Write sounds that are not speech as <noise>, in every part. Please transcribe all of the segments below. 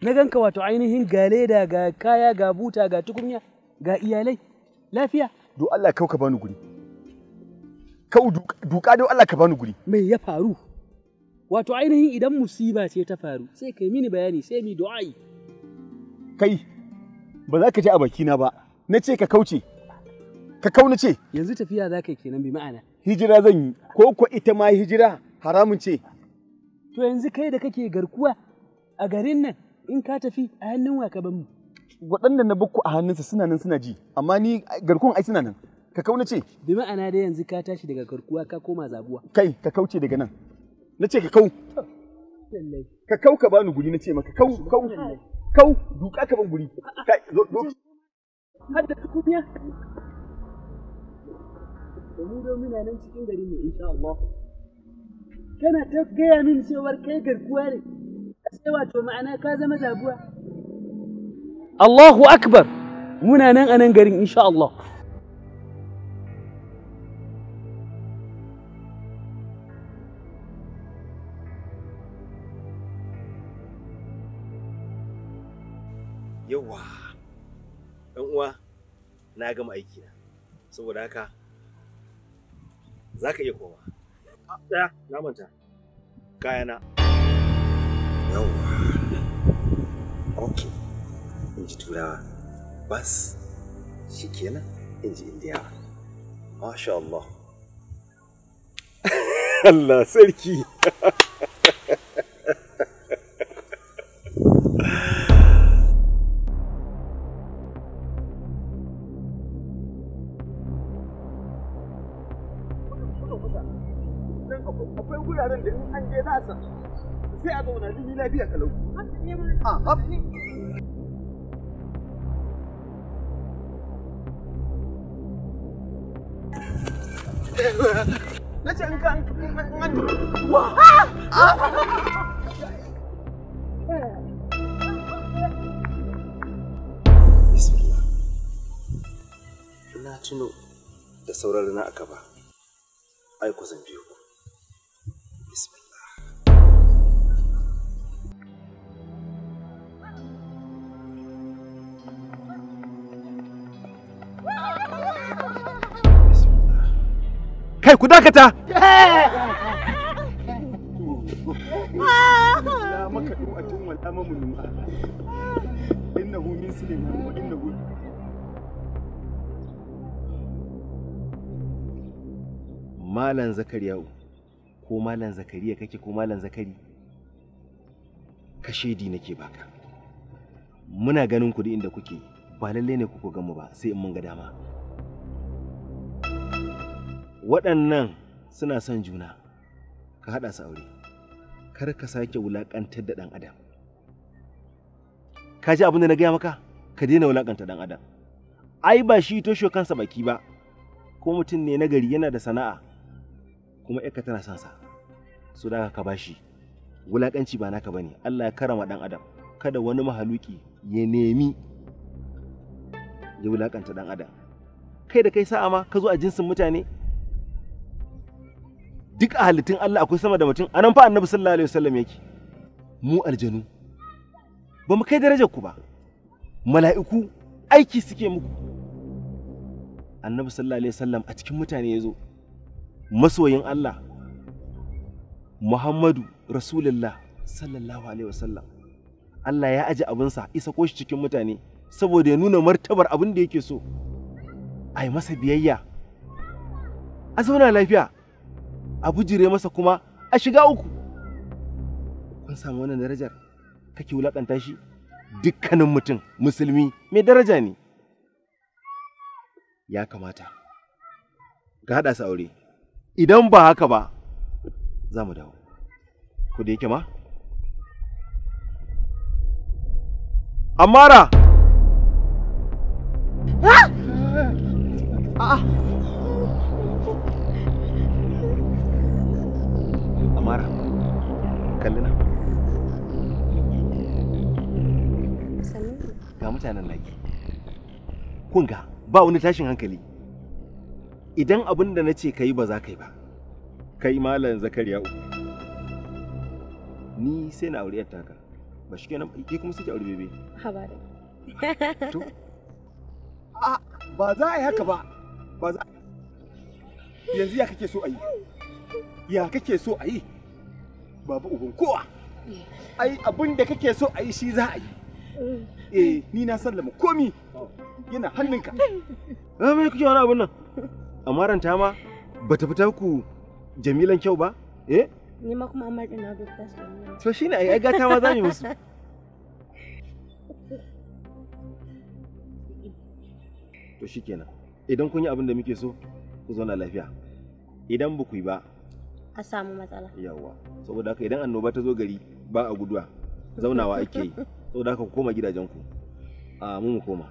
na ganka wato ainihin ga leda ga kaya ga buta ga tukunya ga iyalai lafiya do Allah kau ka bani guri kau duka do Allah ka bani guri me ya faru wato ainihin idan musiba ce ta faru sai kai mini bayani sai mi du'ai kai ba za ka ji a baki na ba na ce ka kauce ka kauna ce yanzu tafiya za ka yi kenan bi ma'ana hijira zan yi ko ko ita ma hijira haramun ce to yanzu kai da kake garkuwa a garin nan in ka tafi a hannun wa ka mu waɗanda na bakku a hannunsa suna nan suna ji amma ni garkuwan ai suna nan ka kauna ce bi ma'ana da yanzu ka tashi daga garkuwa ka koma zabuwa kai ka kauce daga nan na ce ka kau ka kau ka bani guri na ce maka kau kau kau duka ka ban guri kai zo zo hadda kunya da mu domin nan cikin garin ne insha Allah kana ta gaya min cewar kai garkuwa ne sai wato ma'ana ka zama zabuwa Allahu akbar muna nan a nan garin insha Allah yawa ɗan uwa na gama aikina saboda haka za ka iya komawa Ɗaya, na manta. Kayana. Yawwa. Ok. In ji turawa. Bas. Shi kenan in ji Masha Allah. <laughs> Allah sarki. <laughs> Ah, hop Na ce Bismillah. Na tuno da saurari na aka ba. Ai, ku zan ku. Kai ku dakata. malan maka du'atun ko Malam Zakariya kake ko malan Zakari kashedi nake baka. Muna ganin ku inda kuke ba lalle ne kuku gamu ba sai in mun ga dama. waɗannan suna son juna ka haɗa su aure kar ka sake wulaƙantar da ɗan adam ka ji abin da na gaya maka ka daina wulaƙanta ɗan adam ai ba shi toshe kansa baki ba ko mutum ne na gari yana da sana'a kuma ka tana son sa so da ka bashi wulaƙanci ba naka bane Allah ya karama ɗan adam kada wani mahaluki ya nemi ya wulaƙanta ɗan adam kai da kai sa'a ma ka zo a jinsin mutane duk a halittun Allah akwai sama da mutum anan fa annabi sallallahu alaihi wasallam yake mu aljanu ba mu kai darajar ku ba mala'iku aiki suke muku annabi sallallahu alaihi wasallam a cikin mutane ya zo masoyin Allah Muhammadu Rasulullah sallallahu alaihi wasallam Allah ya aje abinsa isa ko shi cikin mutane saboda ya nuna martabar abin da yake so a yi masa biyayya a zauna lafiya a bujire masa kuma a shiga uku kun samu wannan darajar kake wulakanta shi dukkanin mutum musulmi mai daraja ne ya kamata ka haɗa su aure idan ba haka ba za mu dawo ku da yake ma amara ah! ah. kallina ga mutanen naki kunga ba wani tashin hankali idan abin da na ce ka yi ba za ka yi ba kai malam zakariya uku ni sai na aure taka ba shi kenan ke kuma suke aure bebe ha ba da to <laughs> a ba za a yi haka ba ba za yanzu ya kake so a yi ya kake so a yi babu uban kowa eh. ai abin da kake so a yi shi za a yi eh, eh ni na sallama komi yana hannunka ba mai kuke wani abin nan amma ranta ma bata fita ku jamilan kyau ba eh ni ma kuma amma ina ga tasiri to shine ai gata ma za mu musu <laughs> to shikenan idan kun yi abin da muke so ku zauna lafiya idan ba ku yi ba a samu matsala yawa saboda haka idan annoba ta zo gari ba a guduwa zaunawa ake yi <laughs> saboda haka ku koma gidajenku a mu mu koma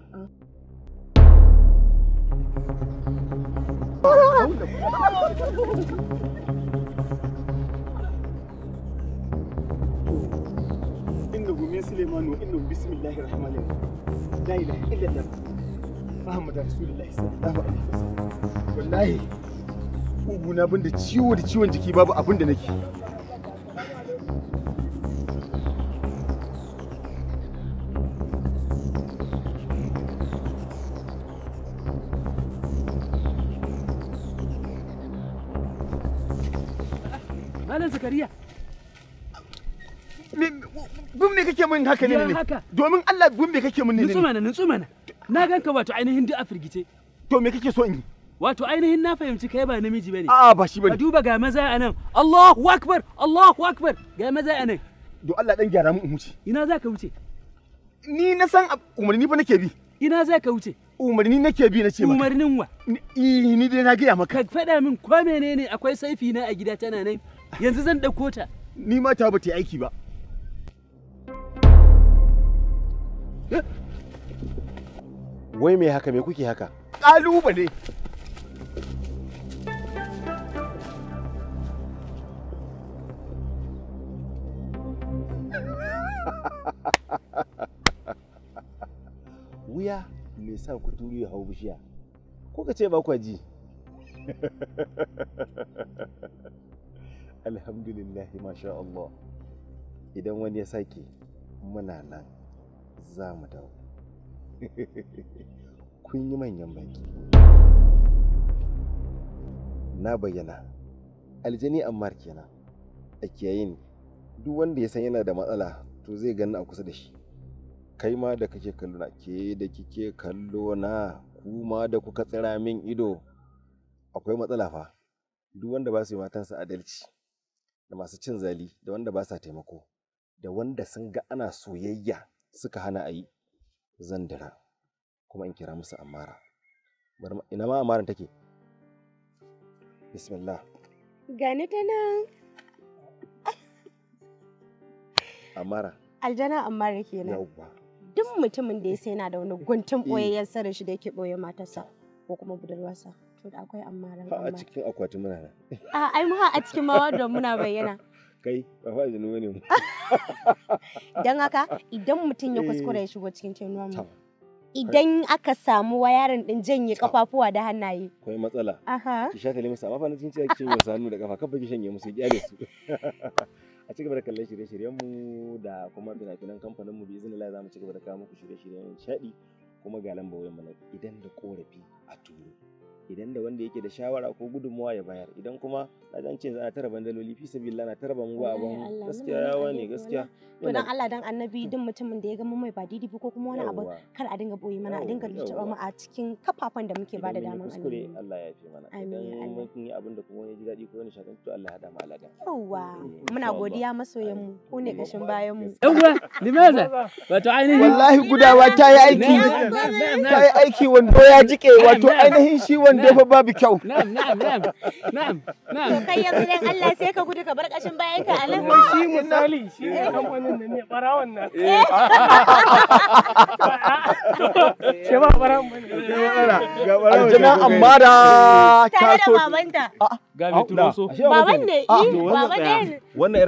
إنه من سليمان وإنه بسم الله الرحمن الرحيم لا إله ƙugu na bin da ciwo da ciwon jiki babu abin da nake Malam Zakariya. Gun me kake min haka ne ne? Domin Allah gun me kake min ne ne? Nutsu Na ganka wato ainihin duk a firgice. To me kake so in yi? wato ainihin na fahimci kai ba namiji bane a'a ba shi bane duba ga maza a nan Allahu akbar Allahu akbar ga maza a nan. do Allah dan gyara mu in huce ina za ka wuce ni na san umarni fa nake bi ina za ka wuce umarni nake bi nace maka umarnin wa eh ni dai na gaya maka ka faɗa min ko menene akwai saifi na a gida tana nan yanzu zan ɗauko ta ni ma ta ba ta aiki ba wai me haka me kuke haka kalubale ya sa kuturu ya hau bishiya kuka ce ba kwa ji <laughs> alhamdulillah masha Allah idan wani ya sake muna nan za mu dawo <laughs> kun yi manyan baki na bayyana aljani ammar kenan a kiyaye ni duk wanda ya san yana da matsala to zai gani a kusa da shi kai ma da kake kallo na ke da kike kallo na kuma da kuka tsira min ido akwai matsala fa duk wanda ba su yi matansa adalci da masu cin zali da wanda ba sa taimako da wanda sun ga ana soyayya suka hana a yi zan dara kuma in kira musu amara ina ma amaran take bismillah gani ta nan amara aljana amara kenan yawwa duk mutumin da ya sai yana da wani guntun boyayyen eh. sirrin shi da yake ɓoye matarsa ko kuma budurwarsa to da akwai amma ran a cikin akwatin muna nan a ai mu a cikin mawa don muna bayyana <laughs> kai ba fa nuna ne mu <laughs> dan haka idan mutum ya kuskura ya eh. shigo cikin tenuwa mu idan aka samu wayarin din janye kafafuwa da hannaye. Akwai matsala. Aha. Ki shafe limsa amma fa na cikin cikin hannu da kafa kafa ki shanye musu ki su. <laughs> a ci gaba da kallon shirye-shiryenmu da kuma fina-finan kamfaninmu bi izinin za mu ci gaba da kawo muku shirye-shiryen nishaɗi kuma ga lamba mana idan da korafi a turu. idan da wanda yake da shawara ko gudunmawa ya bayar idan kuma na dan ce za a taraba daloli fi sabilillah na taraba mu ba abun gaskiya yawa ne gaskiya to dan Allah dan annabi duk mutumin da ya ga mai ba didi ko kuma wani abu kar a dinga boye mana a dinga lutaba mu a cikin kafafan da muke bada daman kuskure Allah ya fi mana idan mun yi abin da kuma wani ji dadi ko wani shakan to Allah ya hada mu yawa eh, muna godiya masoyan mu ko ne kashin bayan mu yawa limaza wato ainihin wallahi gudawa ta yi aiki ta yi aiki wando ya jike wato ainihin shi wanda wannan dai fa babu kyau na'am na'am na'am na'am to kai yanzu dan Allah sai ka gudu ka bar kashin bayan ka a ba ah, eh, wannan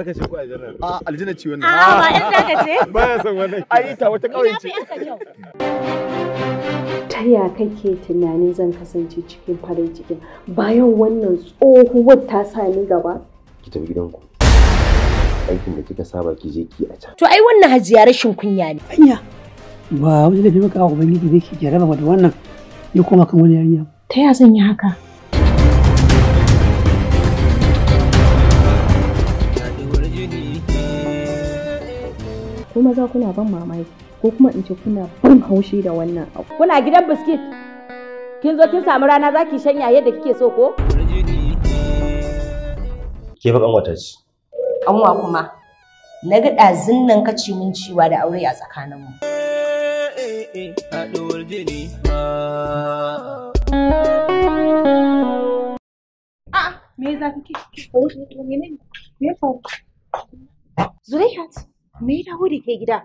ko jarrar. a ah, aljina ci wannan a ah, ba ce ba ya wannan ai ta wata kawai ce ta ya kake tunanin zan kasance cikin farin cikin bayan wannan tsohuwar ta sa ni gaba ki tafi gidanku aikin da kika saba ki je ki a can to ai wannan hajiya rashin kunya ne anya ba wani da bi maka ubangiji zai ki jaraba da wannan ya koma kan wani yarinya ta ya zan yi haka kuma za kuna ban mamaki ko kuma in ce kuna bin haushi da wannan abu. Kuna gidan biskit? Kin zo kin samu rana za ki shanya yadda kike so ko? Ke fa kanwata An Kanwa kuma. Na ga ɗazin nan ka ci min ciwa da aure a tsakaninmu. A'a, me za ka ke? Me ya me dawo da ke gida?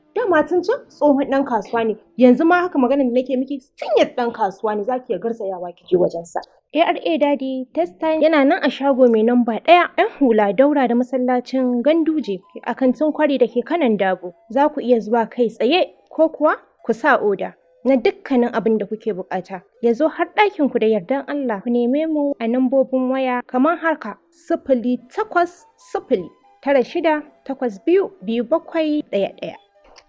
dama matan can tsohon dan kasuwa ne yanzu ma haka magana da nake miki yadda dan kasuwa ne zaki ya garzayawa kike wajen sa ARA Daddy test time yana nan a shago mai namba ɗaya ‘yan hula daura da masallacin ganduje a kantin kwari da ke kanan dabo za ku iya zuwa kai tsaye ko kuwa ku sa oda na dukkanin abin da kuke bukata ya zo har ɗakin ku da yardan Allah ku neme mu a nambobin waya kamar harka sifili takwas sifili tara shida takwas biyu biyu bakwai ɗaya ɗaya.